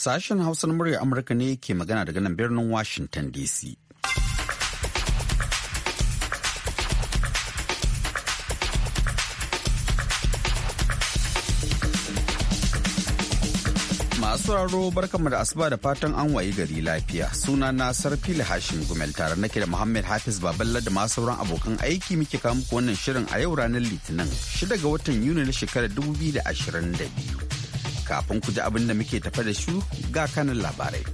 Sashen Hausa na murya Amurka ne ke magana daga nan birnin Washington DC. Masu raro barkanmu da asuba da fatan an wayi gari lafiya. Suna na sarfi Hashim Gumel tare nake da Muhammad Hafiz Baballa da masu sauran abokan aiki muke kawo muku wannan shirin a yau ranar Litinin 6 ga watan Yuni na shekarar 2022. kafin ku ji abin da muke tafa da shi ga kanin labarai.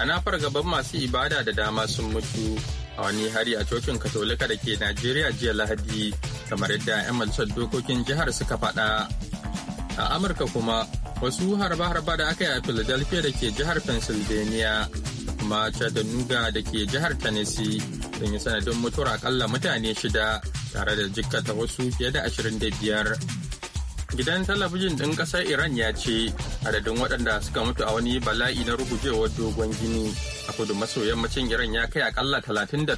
A na fargaban masu ibada da dama sun mutu a wani hari a cocin katolika da ke Najeriya jiya Lahadi kamar yadda 'yan majalisar dokokin jihar suka faɗa. A Amurka kuma wasu harba-harba da aka yi a Philadelphia da ke jihar Pennsylvania kuma Chattanooga da ke jihar Tennessee sun yi sanadin mutuwar akalla mutane shida tare da jikkata wasu fiye da 25. gidan talabijin ɗin ƙasar iran ya ce adadin waɗanda suka mutu a wani bala'i na rugujewar dogon gini a kudu maso yammacin iran ya kai akalla 38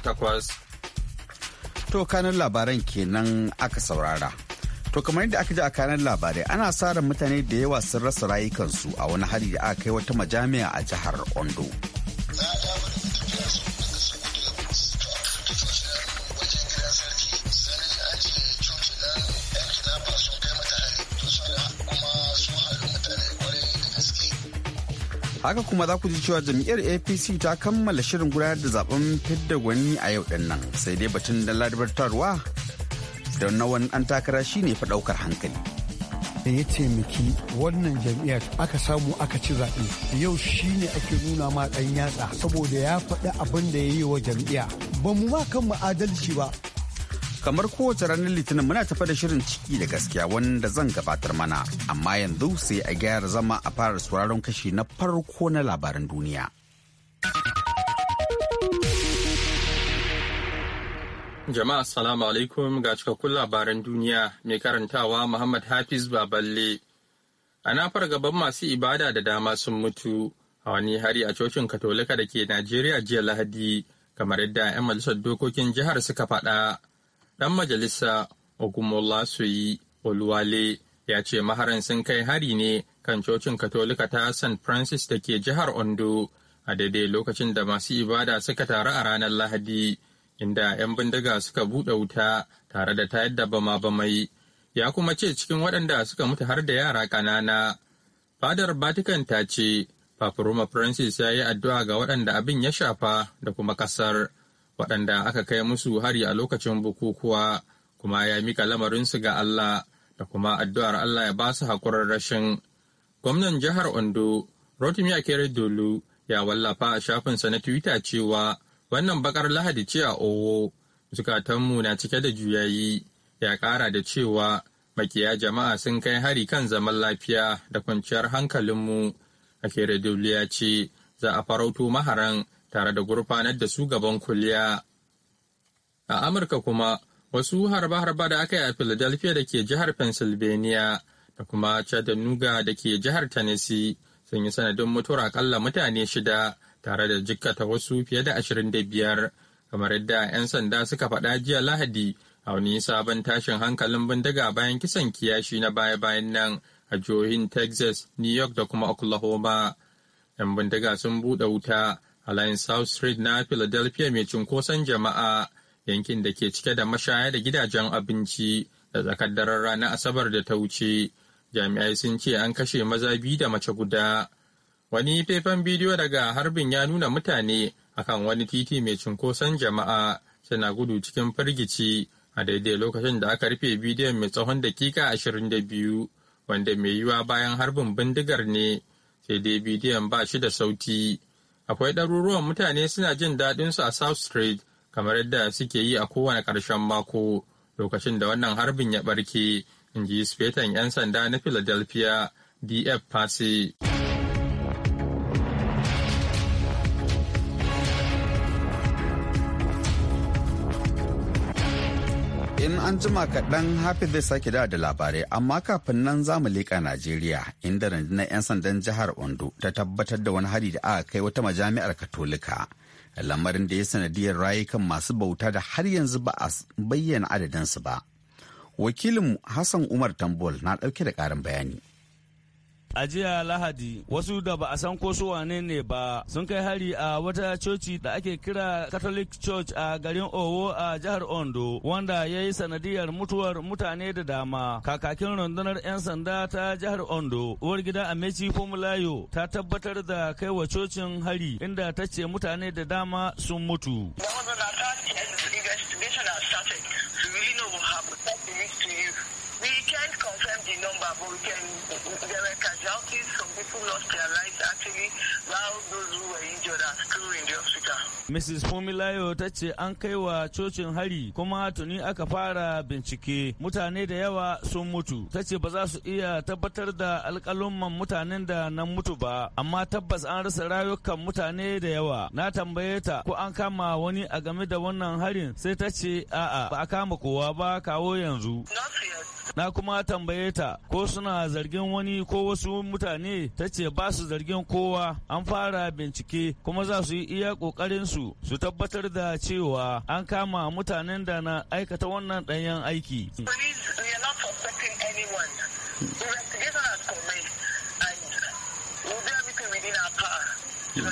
to kanin labaran kenan aka saurara To kamar yadda aka ji a kanin labarai ana sa ran mutane da yawa sun rasa rayukansu a wani hari da aka kai wata majami'a a jihar Ondo. haka kuma za ku ji cewa jam'iyyar apc ta kammala shirin gudanar da zaben fidda gwani a yau din nan sai dai batun da ladabartarwa da na wani an takara shine fa daukar hankali da ya taimaki wannan jam'iyyar aka samu aka ci zaɓe yau shi ne ake nuna ma ɗan yatsa saboda ya faɗi abin da ya yi wa jam'iyya ba mu ma kan mu adalci ba kamar kowace ranar litinin muna tafa da shirin ciki da gaskiya wanda zan gabatar mana amma yanzu sai a gyara zama a fara sauraron kashi na farko na labaran duniya jama'a assalamu alaikum ga cikakkun labaran duniya mai karantawa muhammad hafiz baballe a ana gaban masu ibada da dama sun mutu a wani hari a cocin katolika da ke najeriya jiya lahadi kamar yadda 'yan majalisar dokokin jihar suka faɗa ɗan majalisa Soyi Oluwale ya ce maharan sun kai hari ne kan cocin Katolika ta St. Francis da ke jihar Ondo a daidai lokacin da masu ibada suka taru a ranar Lahadi, inda 'yan bindiga suka buɗe wuta tare da tayar da bama-bamai. Ya kuma ce cikin waɗanda suka mutu har da yara ƙanana. Fadar Vatican ta ce, Papa Francis ya yi addu'a ga waɗanda abin ya shafa da kuma ƙasar. waɗanda aka kai musu hari a lokacin bukukuwa kuma ya mika lamarinsu ga Allah da kuma addu'ar Allah ya ba su haƙurar rashin. Gwamnan jihar Ondo, Rotimi Akere Dolu, ya wallafa a shafinsa na Twitter cewa wannan bakar Lahadi ce a Owo, zukatanmu na cike da juyayi, ya ƙara da cewa makiya jama'a sun kai hari kan zaman lafiya da kwanciyar hankalinmu. Akere Dolu ya ce, za a farauto maharan tare da gurfanar da su gaban kuliya. A Amurka kuma wasu harba-harba da aka yi a Philadelphia da ke jihar Pennsylvania da kuma Chattanooga da ke jihar Tennessee sun yi sanadin mutuwar akalla mutane shida tare da jikkata wasu fiye da ashirin da biyar kamar yadda 'yan sanda suka faɗa jiya Lahadi a wani sabon tashin hankalin bindiga bayan kisan kiyashi na baya-bayan nan a jihohin Texas, New York da kuma Oklahoma. 'Yan bindiga sun buɗe wuta a layin South Street na Philadelphia mai cunkoson jama'a yankin da ke cike da mashaya da gidajen abinci da tsakar daren ranar Asabar da ta wuce. Jami'ai sun ce an kashe maza biyu da mace guda. Wani faifan bidiyo daga harbin ya nuna mutane akan wani titi mai cunkoson jama'a suna gudu cikin firgici a daidai lokacin da aka rufe bidiyon mai tsawon dakika ashirin da biyu wanda mai yiwuwa bayan harbin bindigar ne sai dai bidiyon ba shi da sauti akwai ɗaruruwan mutane suna jin daɗinsu a South Street kamar yadda suke yi a kowane ƙarshen mako lokacin da wannan harbin ya ɓarke, in ji spetan 'yan sanda na Philadelphia, DF Passy. in an jima kaɗan hafi zai sake da da labarai amma kafin nan za mu leƙa najeriya inda rundunar 'yan sandan jihar ondo ta tabbatar da wani hari da aka kai wata majami'ar katolika lamarin da ya sanadiyar rayukan masu bauta da har yanzu ba a bayyana adadinsu ba wakilin hassan umar tambol na ɗauke da ƙarin bayani A jiya Lahadi wasu da ba a san ko su wane ne ba sun kai hari a wata coci da ake kira Catholic Church a garin Owo a jihar Ondo wanda ya yi sanadiyar mutuwar mutane da dama. Kakakin rundunar 'yan sanda ta jihar Ondo uwar gida Amechi Fomulayo ta tabbatar da kai wa cocin hari inda ta ce mutane da dama sun mutu. the number, but we can, there were casualties. Some people lost their lives actually, while those who were injured are still in the hospital. Mrs. Fumilayo ta ce an kai wa cocin hari kuma tuni aka fara bincike mutane da yawa sun mutu. Ta ce ba za su iya tabbatar da alkalumman mutanen da nan mutu ba, amma tabbas an rasa rayukan mutane da yawa. Na tambaye ta ko an kama wani a game da wannan harin sai ta ce a'a ba a kama kowa ba kawo yanzu. Not yet. na kuma tambaye ta ko suna zargin wani ko wasu mutane ta ce ba su zargin kowa an fara bincike kuma za su yi iya kokarin su su tabbatar da cewa an kama mutanen da na aikata wannan ɗanyen aiki. We'll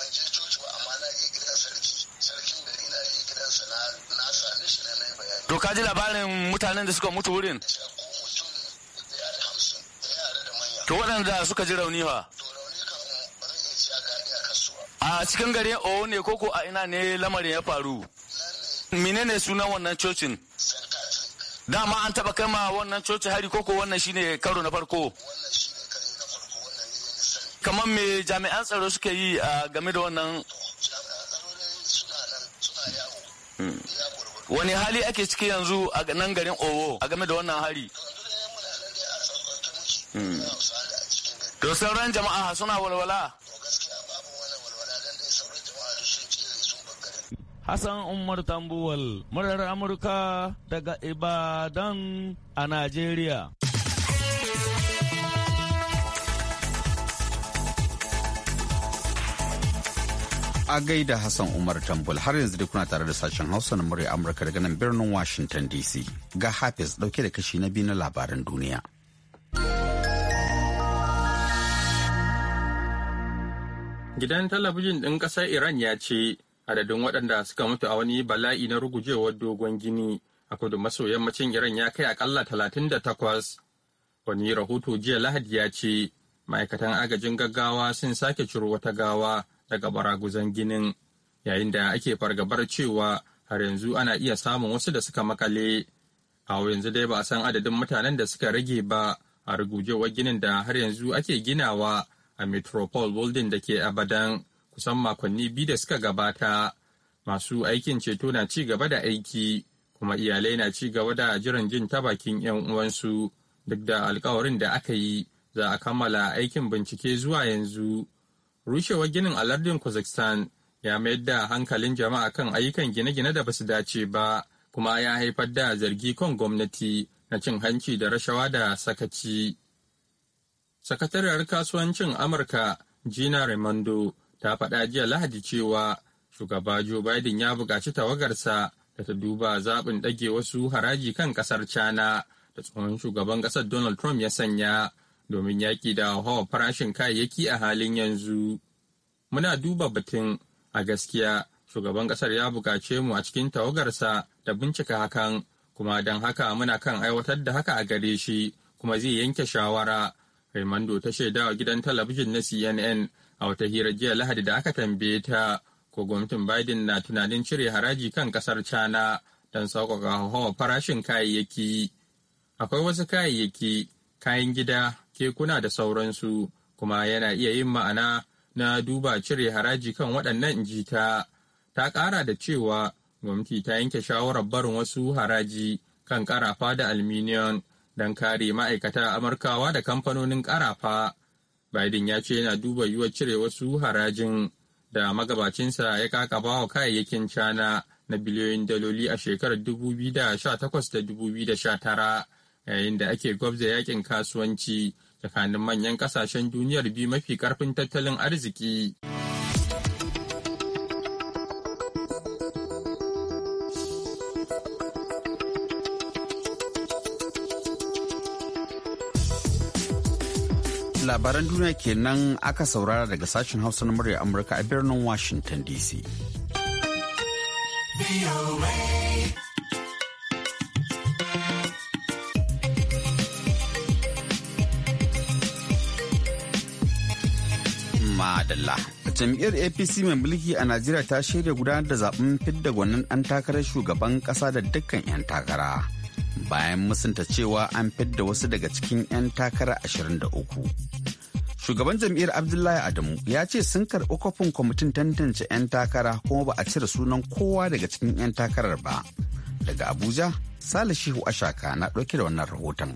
to ka ji labarin mutanen da suka mutu wurin to waɗanda suka ji rauni fa a cikin gari o ne koko a ina ne lamarin ya faru ne sunan wannan cocin dama an taba kai ma wannan coci hari koko wannan shine karo na farko kamar me jami'an tsaro suka yi a game da wannan wani hali ake ciki yanzu a nan garin owo a game da wannan hari hmm. to sauran jama'a suna walwala Hassan Umar Tambuwal, murar Amurka daga Ibadan a Najeriya. a gaida Hassan Umar Tambul har yanzu dai kuna tare da sashen Hausa na murya Amurka daga nan birnin Washington DC. Ga Hafiz dauke da kashi na biyu na labaran duniya. Gidan talabijin ɗin ƙasar Iran ya ce adadin waɗanda suka mutu a wani bala'i na rugujewar dogon gini a kudu maso yammacin Iran ya kai akalla talatin da takwas. Wani rahoto jiya Lahadi ya ce ma'aikatan agajin gaggawa sun sake ciro wata gawa daga baraguzan ginin yayin da ake fargabar cewa har yanzu ana iya samun wasu da suka makale a yanzu dai ba a san adadin mutanen da suka rage ba a rugujewar ginin da har yanzu ake ginawa a metropole building da ke abadan kusan makonni biyu da suka gabata masu aikin ceto na ci gaba da aiki kuma iyalai na ci gaba da jiran jin ta bakin 'yan uwansu duk da alkawarin da aka yi za a kammala aikin bincike zuwa yanzu rushewar ginin a lardin kazakhstan ya mayar da hankalin jama'a kan ayyukan gine-gine da basu dace ba kuma ya haifar da zargi kan gwamnati na cin hanci da rashawa da sakaci sakatariyar kasuwancin amurka gina raimondo ta faɗa jiya lahadi cewa shugaba joe biden ya buƙaci tawagarsa da ta duba zaɓin ɗage wasu haraji kan ƙasar china da tsohon shugaban ƙasar donald trump ya sanya domin yaƙi da hawa farashin kayayyaki a halin yanzu. Muna duba batun a gaskiya shugaban ƙasar ya buƙace mu a cikin tawagarsa da bincika hakan kuma don haka muna kan aiwatar da haka a gare shi kuma zai yanke shawara. Raimondo ta shaidawa gidan talabijin na CNN a wata hira jiya Lahadi da aka tambaye ta ko gwamnatin Biden na tunanin cire haraji kan ƙasar China don sauƙaƙa hawa farashin kayayyaki. Akwai wasu kayayyaki, kayan gida kekuna da sauransu kuma yana iya yin ma'ana na duba cire haraji kan waɗannan inji ta ta ƙara da cewa gwamnati ta yanke shawarar barin wasu haraji kan ƙarafa da alminiyon don kare ma'aikata amurkawa da kamfanonin ƙarafa biden ya ce yana duba yiwuwar cire wasu harajin da magabacinsa ya ba wa kayayyakin cana na biliyoyin daloli a shekarar 2018 da tara yayin da ake gwabza yakin kasuwanci tsakanin manyan kasashen duniyar biyu mafi karfin tattalin arziki. Labaran duniya kenan aka saurara daga sashen Hausa na murya Amurka a birnin Washington DC. Madalla. Jam'iyyar APC mai mulki a Najeriya ta shirya gudanar da zaben fidda gwanin ɗan takarar shugaban ƙasa da dukkan 'yan takara. Bayan musunta cewa an fidda wasu daga cikin 'yan takara 23. Shugaban jam'iyyar Abdullahi Adamu ya ce sun karɓi kwafin kwamitin tantance 'yan takara kuma ba a cire sunan kowa daga cikin 'yan takarar ba. Daga Abuja, Sale Shehu Ashaka na ɗauke da wannan rahoton.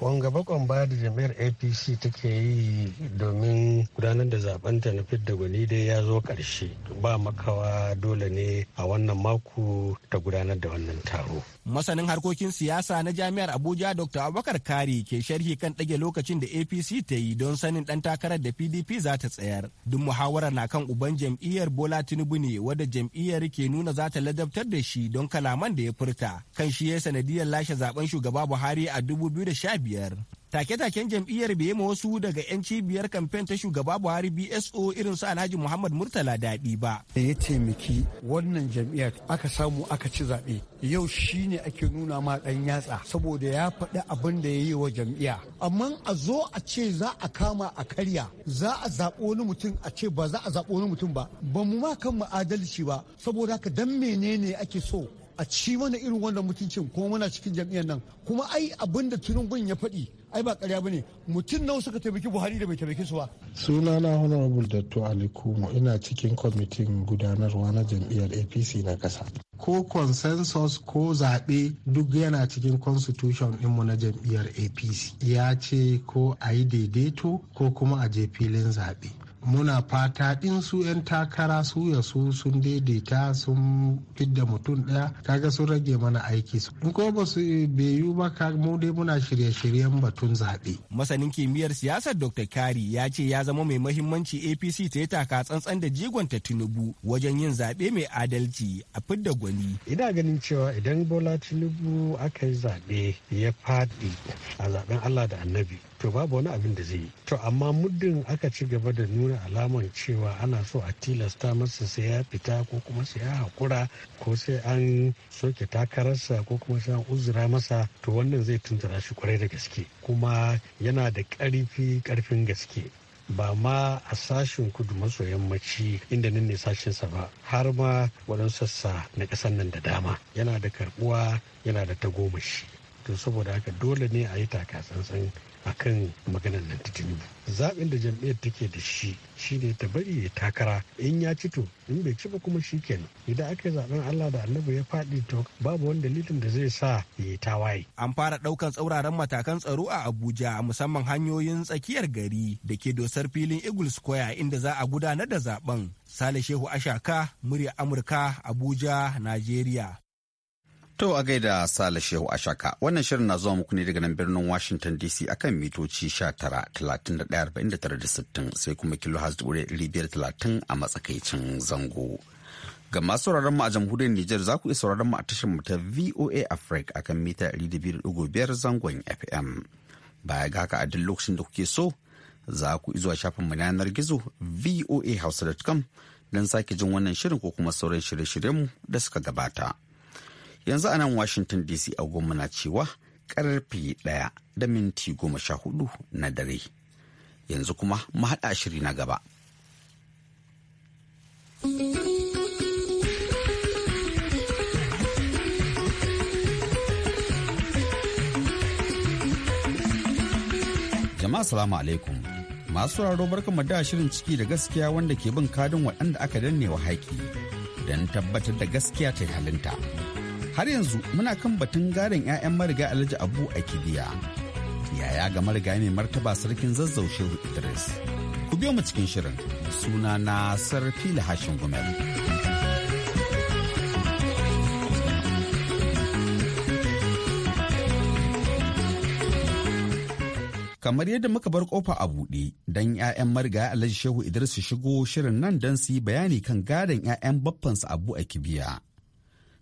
kwanga kwan ba da jami'ar apc take yi domin gudanar da zabenta na fidda gwani dai ya zo karshe ba makawa dole ne a wannan mako ta gudanar da wannan taro masanin harkokin siyasa na jami'ar abuja dr abubakar kari ke sharhi kan ɗage lokacin da apc ta yi don sanin ɗan takarar da pdp za ta tsayar duk muhawarar na kan uban jam'iyyar bola tinubu ne wadda jam'iyyar ke nuna za ta ladabtar da shi don kalaman da ya furta kan shi ya sanadiyar lashe zaben shugaba buhari a dubu biyu da sha biyar. take-taken jam'iyyar bai ma wasu daga 'yan cibiyar kamfen ta shugaba buhari bso irin su alhaji muhammad murtala daɗi ba da ya taimaki wannan jam'iyyar aka samu aka ci zaɓe yau shi ne ake nuna ma ɗan yatsa saboda ya faɗi abin da ya yi wa jam'iyya amma a zo a ce za a kama a karya za a zaɓo wani mutum a ce ba za a zaɓo wani mutum ba ba mu ma kan mu adalci ba saboda haka dan menene ake so a ci mana irin wannan mutuncin ko muna cikin jam'iyyar nan kuma ai abin da tunubun ya faɗi ai ba karya bane mutum nawa suka taimaki buhari da bai taimaki su ba suna na honorable datto ali kumo ina cikin kwamitin gudanarwa na jam'iyyar apc na kasa ko consensus ko zaɓe duk yana cikin constitution ɗinmu na jam'iyyar apc ya ce ko a yi daidaito ko kuma a je filin zaɓe muna fata in su 'yan takara su ya su sun daidaita sun fidda mutum ɗaya kaga sun rage mana aiki su in ko ba su beyu ba mu dai muna shirye-shiryen batun zaɓe. masanin kimiyyar siyasar dr kari ya ce ya zama mai mahimmanci apc ta yi taka tsantsan da ta tinubu wajen yin zaɓe mai adalci a fidda gwani. ina ganin cewa idan bola tinubu aka yi zaɓe ya faɗi a zaɓen allah da annabi to babu wani abin da zai yi to amma muddin aka ci gaba da nuna alaman cewa ana so a tilasta masa sai ya fita ko kuma sai ya haƙura ko sai an soke takararsa ko kuma sai an uzura masa to wannan zai tuntura shi kwarai da gaske kuma yana da ƙarfi ƙarfin gaske ba ma a sashen kudu maso yammaci inda nan ne sashensa ba har ma waɗansu sassa na ƙasar nan da dama yana da karɓuwa yana da tagomashi to saboda haka dole ne a yi takatsantsan kan maganar nan ta tinubu zaɓin da jam'iyyar take da shi shine ta bari ya takara in ya ci to in bai ci ba kuma shi kenan idan aka yi zaɓen allah da annabi ya faɗi to babu wani dalilin da zai sa ya tawaye an fara ɗaukan tsauraran matakan tsaro a abuja musamman hanyoyin tsakiyar gari da ke dosar filin eagle square inda za a gudanar da zaben sale shehu ashaka murya amurka abuja najeriya To a gaida Sale Shehu Ashaka. Wannan shirin na zuwa muku ne daga nan birnin Washington DC akan mitoci 19,31,49,60 sai kuma kilo talatin a matsakaicin zango. Ga masu sauraron mu a jamhuriyar Nijar za ku iya sauraron mu a tashar mu ta VOA Africa akan mita 200.5 zangon FM. Baya ga haka a duk lokacin da kuke so za ku zuwa shafin mu yanar gizo voahausa.com don sake jin wannan shirin ko kuma sauran shirye shiryen mu da suka gabata. yanzu a nan washington dc agogo na cewa karfe ɗaya da minti goma sha hudu na dare yanzu kuma mahaɗa shiri na gaba jama'a salamu alaikum masu sauraro barkanmu da shirin ciki da gaskiya wanda ke bin kadin waɗanda aka danne wa haƙi don tabbatar da gaskiya ta yi halinta. har yanzu muna kan batun garin 'ya'yan mariga alhaji abu a kidiya yaya ga mariga mai martaba sarkin zazzau shehu idris ku biyo mu cikin shirin suna na sarfi hashin gumel kamar yadda muka bar kofa a buɗe don 'ya'yan mariga alhaji shehu idris su shigo shirin nan don su yi bayani kan gadon 'ya'yan baffansa abu a kibiya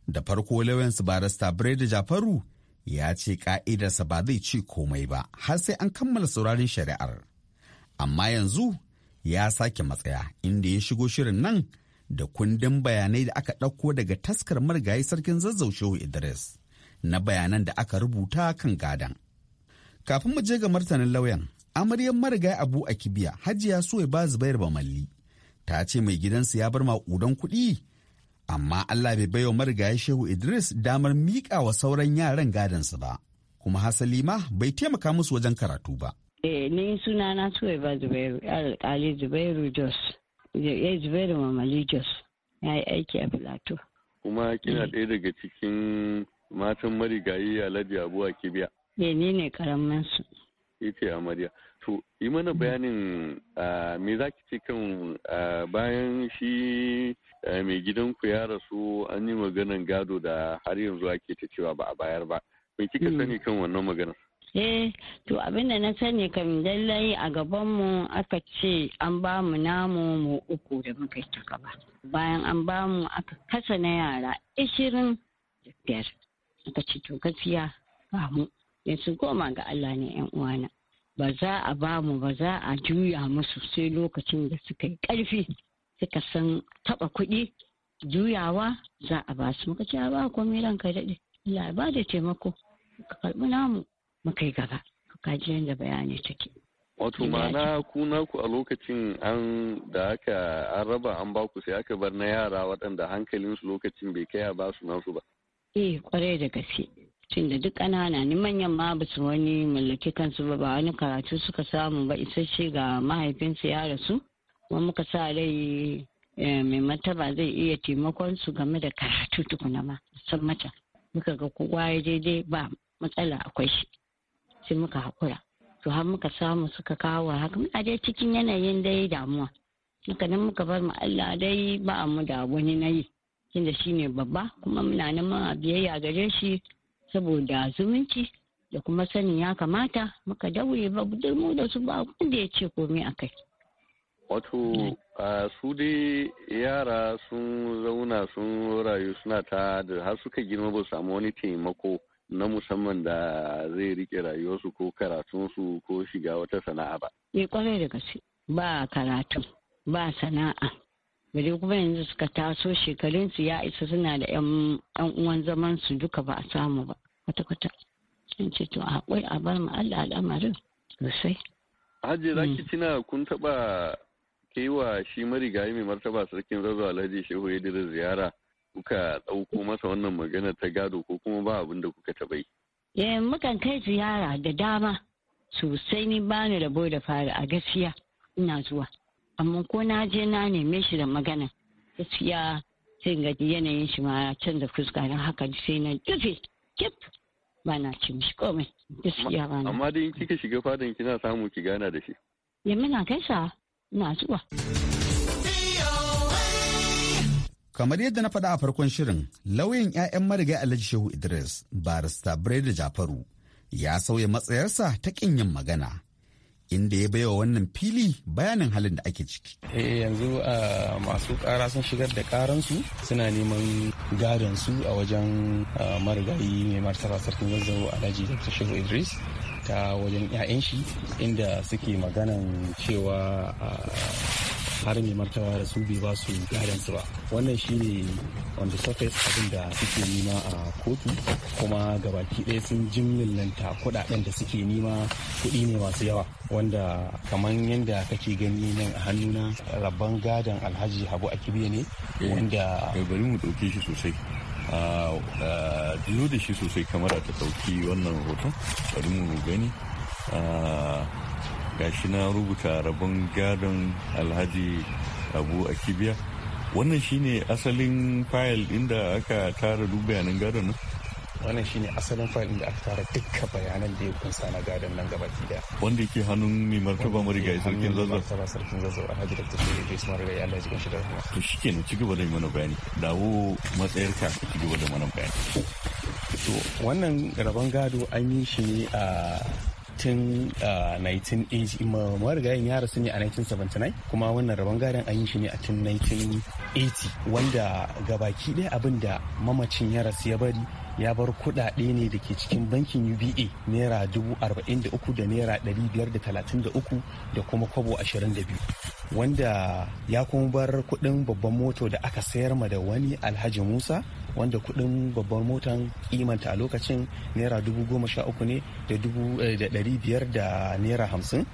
Da farko Lawrence Barrister Brady Jafaru ya ce ƙa'idarsa ba zai ci komai ba har sai an kammala sauraron shari'ar. Amma yanzu ya sake matsaya inda ya shigo shirin nan da kundin bayanai da aka ɗauko daga taskar marigayi sarkin zazzau shehu Idris na bayanan da aka rubuta kan gadan. Kafin mu je ga martanin lauyan, amaryar marigayi Abu kibiya, Hajiya Suwaiba Zubair Bamalli ta ce mai gidansu ya bar maƙudan kuɗi amma Allah bai baiwa marigayi Shehu Idris damar miƙa wa sauran yaran su ba, kuma hasali ma bai taimaka musu wajen karatu ba. Eh, ni suna na suwai ba Zubairu, alƙali Zubairu Jos, ya Zubairu Mamali Jos, ya yi aiki a Filato. Kuma kina eh. ɗaya daga cikin matan marigayi Ladi Abu Akibiya. Eh, ni ne karamin su. Ita amarya. To, yi mana bayanin ah, me za ki ce kan ah, bayan shi Eh, mai gidanku ya rasu an yi maganan gado da har yanzu ake ta cewa ba a bayar ba Kun kika sani hmm. kan wannan maganar eh to abinda na sani kan lallai a gabanmu aka ce an ba mu namu mu uku da muka ta gaba bayan an ba mu aka kasa na yara ishirin da biyar aka ce to gaskiya ba mu yanzu goma ga Allah ne yan uwana ba za a ba mu ba za a juya musu sai lokacin da suka yi karfi suka san taba kuɗi juyawa za a ba su muka ce a ba komai ranka daɗe ba da taimako ka karɓi namu mu yi gaba ka ji yadda bayani take wato ma'ana ku naku a lokacin an da aka an raba an ba ku sai aka bar na yara waɗanda hankalin su lokacin bai kai a ba su nasu ba eh kwarai da gaske tun da duk ƙanana ni manyan ma ba su wani mallaki kansu ba ba wani karatu suka samu ba isasshe ga mahaifinsu ya rasu kuma muka sa rai eh, mai mataba zai iya taimakon su game da karatu tukuna ma san mata muka ga kowa ya daidai ba matsala akwai shi sai muka hakura to har muka samu suka kawo haka muna dai cikin yanayin dai damuwa muka nan muka bar mu Allah dai ba mu da wani nayi tunda shine babba kuma muna nan ma biyayya gare shi saboda zumunci da kuma sanin ya kamata muka daure ba mu da su ba wanda ya ce komai akai Wato mm. su dai yara sun zauna sun rayu suna ta da har suka girma ba samu wani taimako na musamman da zai rike rayuwarsu ko karatunsu ko shiga wata sana'a ba. Eh kwarai da gaske ba karatu ba sana'a. Bari kuma yanzu suka taso shekarunsu ya isa suna da 'yan uwan zaman su duka ba a samu ba wata kwata Sun ce to a a bar mu Allah al'amarin sosai. Hajji za ki mm. tuna kun taɓa kai wa shi marigayi mai martaba sarkin zazzau alhaji shehu idris ziyara kuka ɗauko masa wannan magana ta gado ko kuma ba abin da kuka taɓa yi. Eh, mukan kai ziyara da dama sosai ni ba ni rabo da fara a gaskiya ina zuwa amma ko na je na neme shi da magana gaskiya sai ga yanayin shi ma canza fuska don haka sai na dufe kip ba na ci mishi komai gaskiya ba Amma dai in kika shiga fadan kina samu ki gana da shi. Ya eh, muna gaisa na zuwa. Kamar yadda na faɗa a farkon shirin, lauyin 'ya'yan marigai Alhaji Shehu Idris, barista Breda Jafaru, ya sauya matsayarsa ta ƙin yin magana. inda ya baiwa wannan fili bayanin halin da ake ciki. Eh yanzu ah, masu kara sun shigar da karansu suna neman gadon su a wajen ah, marigayi mai martaba sarkin zazzau alhaji dr shehu idris ta wajen 'ya'yan shi inda suke maganan cewa har mai martaba da su bai ba su su ba wannan shine on the surface abin da suke nima a kotu kuma gabaki ɗaya sun jimmillanta kuɗaɗen da suke nima kuɗi ne masu yawa wanda kamar yadda kake gani nan a hannuna rabban gadon alhaji habu akibiya ne eh, wanda bari mu ɗauke shi sosai biyu da shi sosai kamara ta dauki wannan hoton bari mu gani gashi na rubuta rabon gadon alhaji abu a kibiya wannan shine asalin fayil inda aka tara duk bayanan gadon nan wannan shine asalin fayil da aka tara duka bayanan da ya kunsa na gadon nan gaba daya wanda yake hannun mai martaba marigayi sarkin zazzau martaba sarkin zazzau alhaji da tafi da ismar da Allah ya shi da kuma to shikenan ci gaba da mana bayani dawo matsayarka ci gaba da mana bayani to wannan rabon gado an yi shi ne a tun 1980 ma marigayin ya rasu ne a 1979 kuma wannan rabon gadon an yi shi ne a tun 1980 wanda gabaki ɗaya abin da mamacin ya rasu ya bari ya bar kuɗaɗe ne da ke cikin bankin uba naira dubu da naira 533 da kuma kwabo ashirin da wanda ya kuma bar kuɗin babban moto da aka sayar ma da wani alhaji musa wanda kuɗin babban motan imanta a lokacin naira dubu goma sha uku ne da dubu eh, da naira hamsin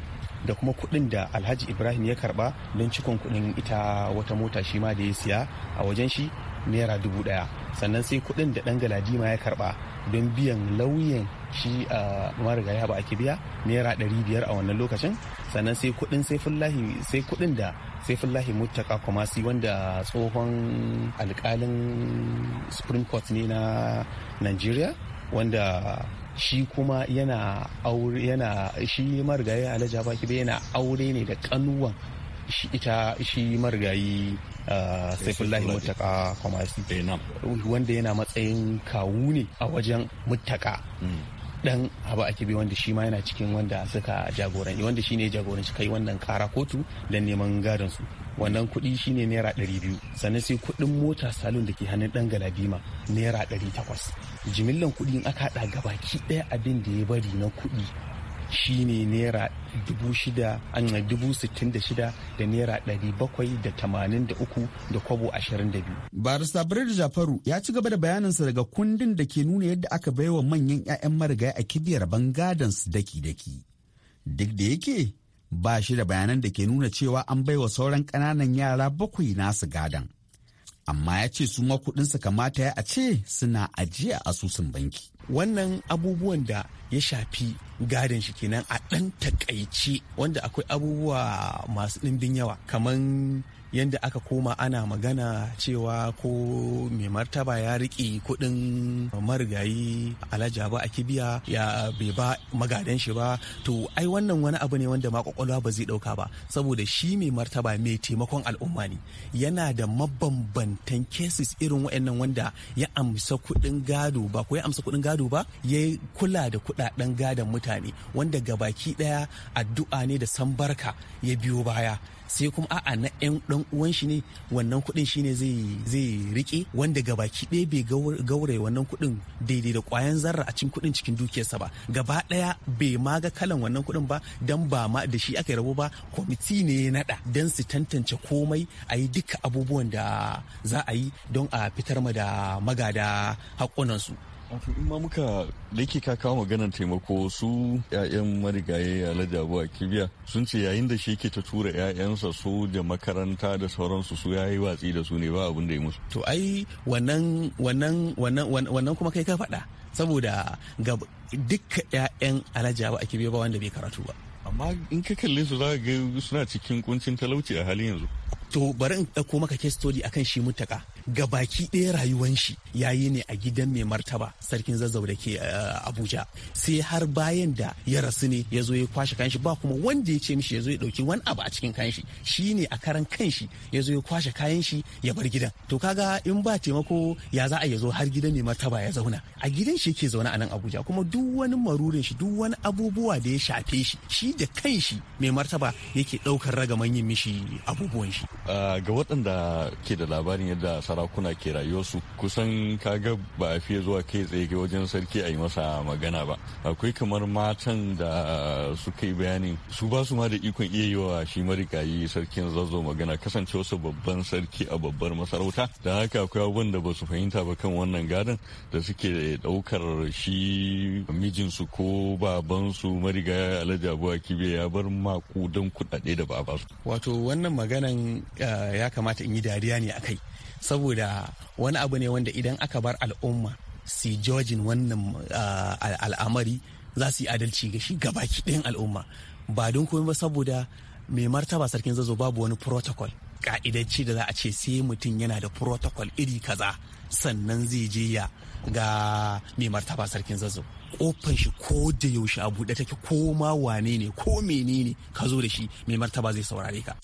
da kuma kuɗin da alhaji ibrahim ya karba don cikon kuɗin ita wata mota shi ma da ya siya a wajen shi naira dubu ɗaya sannan sai kuɗin da ɗan galadima ya karɓa don biyan lauyan shi a marigaya ba ake biya naira ɗari biyar a wannan lokacin sannan sai kuɗin sai kuɗin da saifullahi muttaka kumasi wanda tsohon alkalin supreme court ne na nigeria wanda shi kuma yana aure yana shi marigayi alhaji ba yana aure ne da kanuwan shi ita shi marigayi saifullahi mutaka kwamasi wanda yana matsayin kawu ne a wajen mutaka hmm. dan haba ake bi wanda shi ma yana cikin wanda suka jagoranci wanda shi ne jagoranci kai wannan kara kotu don neman gadon su wannan kuɗi shi ne naira ɗari biyu sannan sai kuɗin mota salon da ke hannun ɗan galadima naira ɗari takwas jimillan kuɗi in aka haɗa gabaki ɗaya abin da ya bari na kuɗi shine naira dubu shida an dubu sittin da shida da naira ɗari bakwai da tamanin da uku da kwabo ashirin da biyu. barista birnin jafaru ya ci gaba da bayaninsa daga kundin da ke nuna yadda aka baiwa manyan 'ya'yan marigaya a kibiyar bangadan su daki-daki duk da yake ba shi da bayanan da ke nuna cewa an baiwa sauran ƙananan yara bakwai nasu gadan amma ya ce su ma kuɗinsa kamata ya a ce suna ajiye a asusun banki. Wannan abubuwan da ya shafi gadon shi kenan a ɗan takaice wanda akwai abubuwa masu ɗimbin yawa kamar yadda aka koma ana magana cewa ko mai martaba ya riƙe kuɗin marigayi alhaji ba a kibiya ya bai ba magadan shi ba to ai wannan wani abu ne wanda ma kwakwalwa ba zai ɗauka ba saboda shi mai martaba mai taimakon al'umma ne yana da mabambantan cases irin waɗannan wanda ya amsa kuɗin gado ba ko ya amsa kuɗin gado ba ya kula da kuɗaɗen gadon mutane wanda gabaki ɗaya addu'a ne da san barka ya biyo baya sai kuma a'a na yan dan uwan shi ne wannan kuɗin shine zai zai rike wanda gabaki ɗaya bai gauraye wannan kuɗin daidai da ƙwayan zarra a cikin kuɗin cikin dukiyarsa ba gaba ɗaya bai ma ga kalan wannan kuɗin ba dan ba ma da shi aka rabo ba kwamiti ne ya naɗa dan su tantance komai a yi duka abubuwan da za a yi don a fitar ma da magada haƙƙunansu in ma muka da ke ka kawo maganar taimako su 'ya'yan marigaye alhaji abu a kibiya sun ce yayin da shi ke ta tura 'ya'yansa su da makaranta da sauransu su yayi watsi da su ne ba abin da ya musu to ai wannan wannan wannan kuma kai ka faɗa saboda ga dukka 'ya'yan alajabu a kibiya ba wanda bai karatu ba amma in ka kalle su za ga suna cikin kuncin talauci a halin yanzu to bari in ɗauko maka case study akan shi mutaka ga baki ɗaya rayuwan shi yayi ne a gidan mai martaba sarkin zazzau da ke eh, abuja sai har bayan da ya rasu ne ya zo ya kwashe kanshi ba kuma wanda ya ce mishi ya zo ya ɗauki wani abu a cikin kanshi shi ne a karan kanshi ya zo ya kwashe kayan shi ya bar gidan to kaga in ba taimako ya za a ya zo har gidan mai martaba ya zauna a gidan shi yake zaune a nan abuja kuma duk wani marurin shi duk wani abubuwa da ya shafe shi shi da kanshi mai martaba yake ɗaukar ragaman yin mishi abubuwan shi eh, ga waɗanda ke da labarin yadda sarakuna ke rayuwarsu kusan kaga ba a fiye zuwa kai tsaye wajen sarki a yi masa magana ba akwai kamar matan da suka yi bayani su ba su ma da ikon iya yi wa shi marigayi sarkin zazzau magana kasancewarsa babban sarki a babbar masarauta da haka akwai abubuwan da ba su fahimta ba kan wannan gadon da suke daukar shi mijinsu ko babansu marigaya alhaji abuwa kibe ya bar makudan kudade da ba su. wato wannan maganan eh, ya kamata in yi dariya ne a kai saboda wani abu ne wanda idan aka bar al'umma si jojin wannan ah, al'amari za su yi adalci ga shi gabaki ɗayan al'umma ba don komai ba saboda mai martaba sarkin zazo babu wani protocol ka'idacci da za a ce sai mutum yana da protocol iri kaza sannan zai je ya ga mai martaba sarkin zazzau kofan shi ko da yaushe a buɗe take ko ma wane ne ko menene ka zo da shi mai martaba zai saurare ka.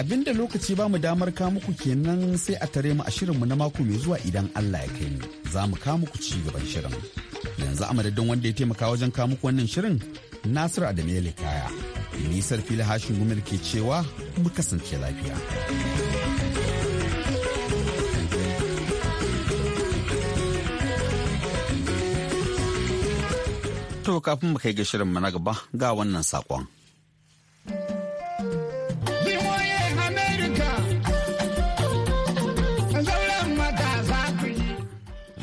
Abin da lokaci ba mu damar ka muku kenan sai a tare mu a shirinmu na mako mai zuwa idan Allah ya kai mu za mu kamuku muku ci gaban shirin yanzu a madadin wanda ya taimaka wajen ka muku wannan shirin Nasiru Adamu ya kaya nisar fili hashin gumir ke cewa mu kasance lafiya To kafin mu kai ga shirin na gaba ga wannan sakon.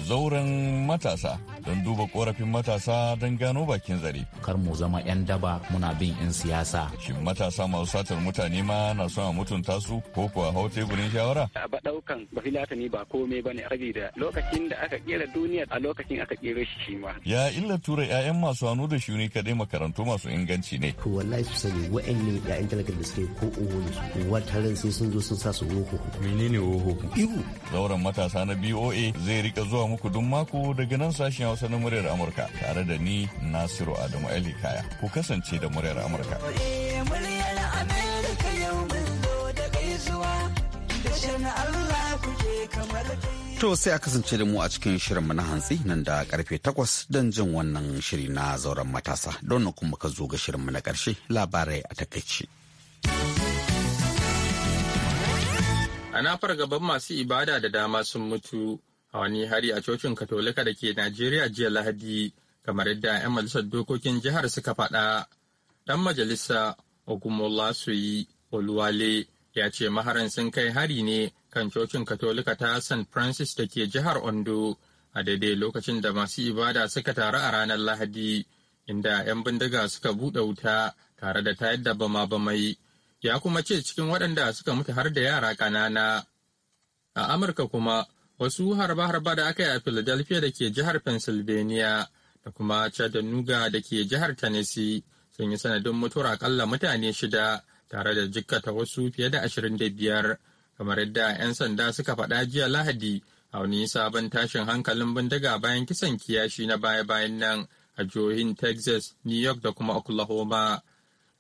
zauren matasa don duba korafin matasa don gano bakin zare. Kar mu zama 'yan daba muna bin 'yan siyasa. Shin matasa masu satar mutane ma na son a mutunta su ko kuwa hau teburin shawara? A ba ɗaukan ba ne ba komai ba ne A da lokacin da aka kera duniya a lokacin aka kera shi shi ma. Ya illa tura 'ya'yan masu hannu da shuni kadai makarantu masu inganci ne. To wallahi su sani ne 'ya'yan talakar da suke ko uwu su ran sai sun zo sun sa su woho. Menene woho? Ihu. Zauren matasa na BOA zai rika zuwa muku duk mako daga nan sashen Hausa na muryar Amurka tare da ni Nasiru Adamu Ali Kaya. Ku kasance da muryar Amurka. To sai a kasance da mu a cikin shirinmu na hantsi nan da karfe takwas don jin wannan shiri na zauren matasa don kuma ka zo ga shirinmu na karshe labarai a takaici. A nafar masu ibada da dama sun mutu a wani hari a cocin katolika da ke najeriya jiya lahadi kamar yadda 'yan majalisar dokokin jihar suka faɗa Ɗan majalisa ogumolasuyi oluwale ya ce maharan sun kai hari ne kan cocin katolika ta st francis da ke jihar ondo a daidai lokacin da masu ibada suka taru a ranar lahadi inda 'yan bindiga suka buɗe wuta tare da tayar da bama-bamai ya kuma ce cikin waɗanda suka mutu har da yara ƙanana a amurka kuma wasu harba-harba da aka yi a Philadelphia da ke jihar Pennsylvania da kuma Chattanooga da ke jihar Tennessee sun yi sanadin mutuwar akalla mutane shida tare da jikkata wasu fiye da ashirin da biyar kamar yadda 'yan sanda suka faɗa jiya Lahadi a wani sabon tashin hankalin bindiga bayan kisan kiyashi na baya-bayan nan a jihohin Texas, New York da kuma Oklahoma.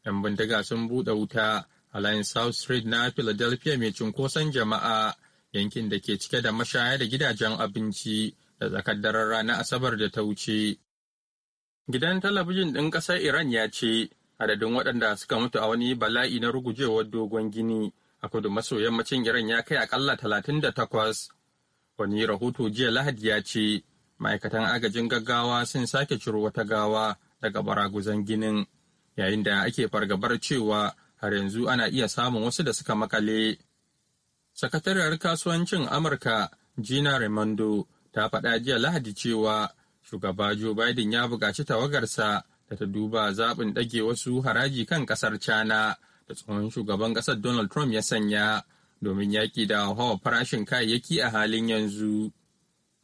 'Yan bindiga sun buɗe wuta a layin South Street na Philadelphia mai cunkoson jama'a. yankin da ke cike da mashaya da gidajen abinci da tsakar daren ranar Asabar da ta wuce. Gidan talabijin ɗin ƙasar Iran ya ce adadin waɗanda suka mutu a wani bala'i na rugujewar dogon gini a kudu maso yammacin Iran ya kai aƙalla talatin da takwas. Wani rahoto jiya Lahadi ya ce ma'aikatan agajin gaggawa sun sake ciro wata gawa daga baraguzan ginin yayin da ake fargabar cewa har yanzu ana iya samun wasu da suka makale. sakatariyar kasuwancin amurka gina raimondo ta faɗa jiya lahadi cewa shugaba joe biden ya buƙaci tawagarsa da ta duba zaɓin ɗage wasu haraji kan ƙasar china da tsohon shugaban ƙasar donald trump ya sanya domin yaƙi da hawa farashin kayayyaki a halin yanzu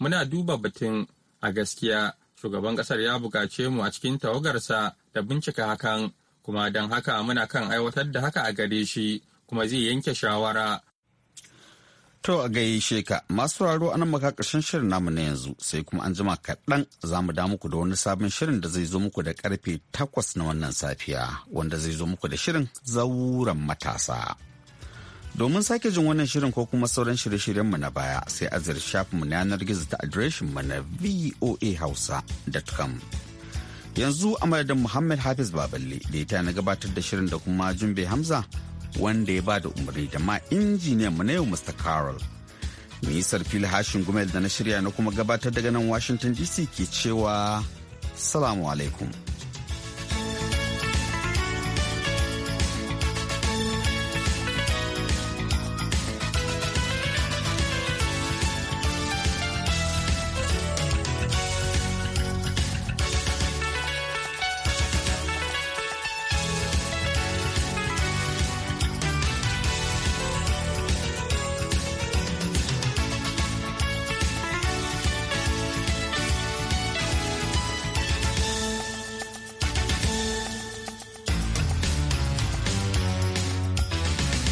muna duba batun a gaskiya shugaban ƙasar ya buƙace mu a cikin tawagarsa da bincika hakan kuma don haka muna kan aiwatar da haka a gare shi kuma zai yanke shawara To a gaishe ka masu raro anan maka karshen shirin namu na yanzu sai kuma an jima kaɗan za mu da muku da wani sabon shirin da zai zo muku da karfe takwas na wannan safiya wanda zai zo muku da shirin zauren matasa. Domin sake jin wannan shirin ko kuma sauran shirye shiryen mu na baya sai a ziyarci shafin mu na yanar gizo ta adireshin mu na voahausa.com. Yanzu a madadin Muhammad Hafiz Baballe da ita na gabatar da shirin da kuma Jumbe Hamza wanda ya ba da umarni da ma injiniyan mu na yau Mr. Carol. Nisar fil hashin gumel da na shirya na kuma gabatar daga nan Washington DC ke cewa Salamu alaikum.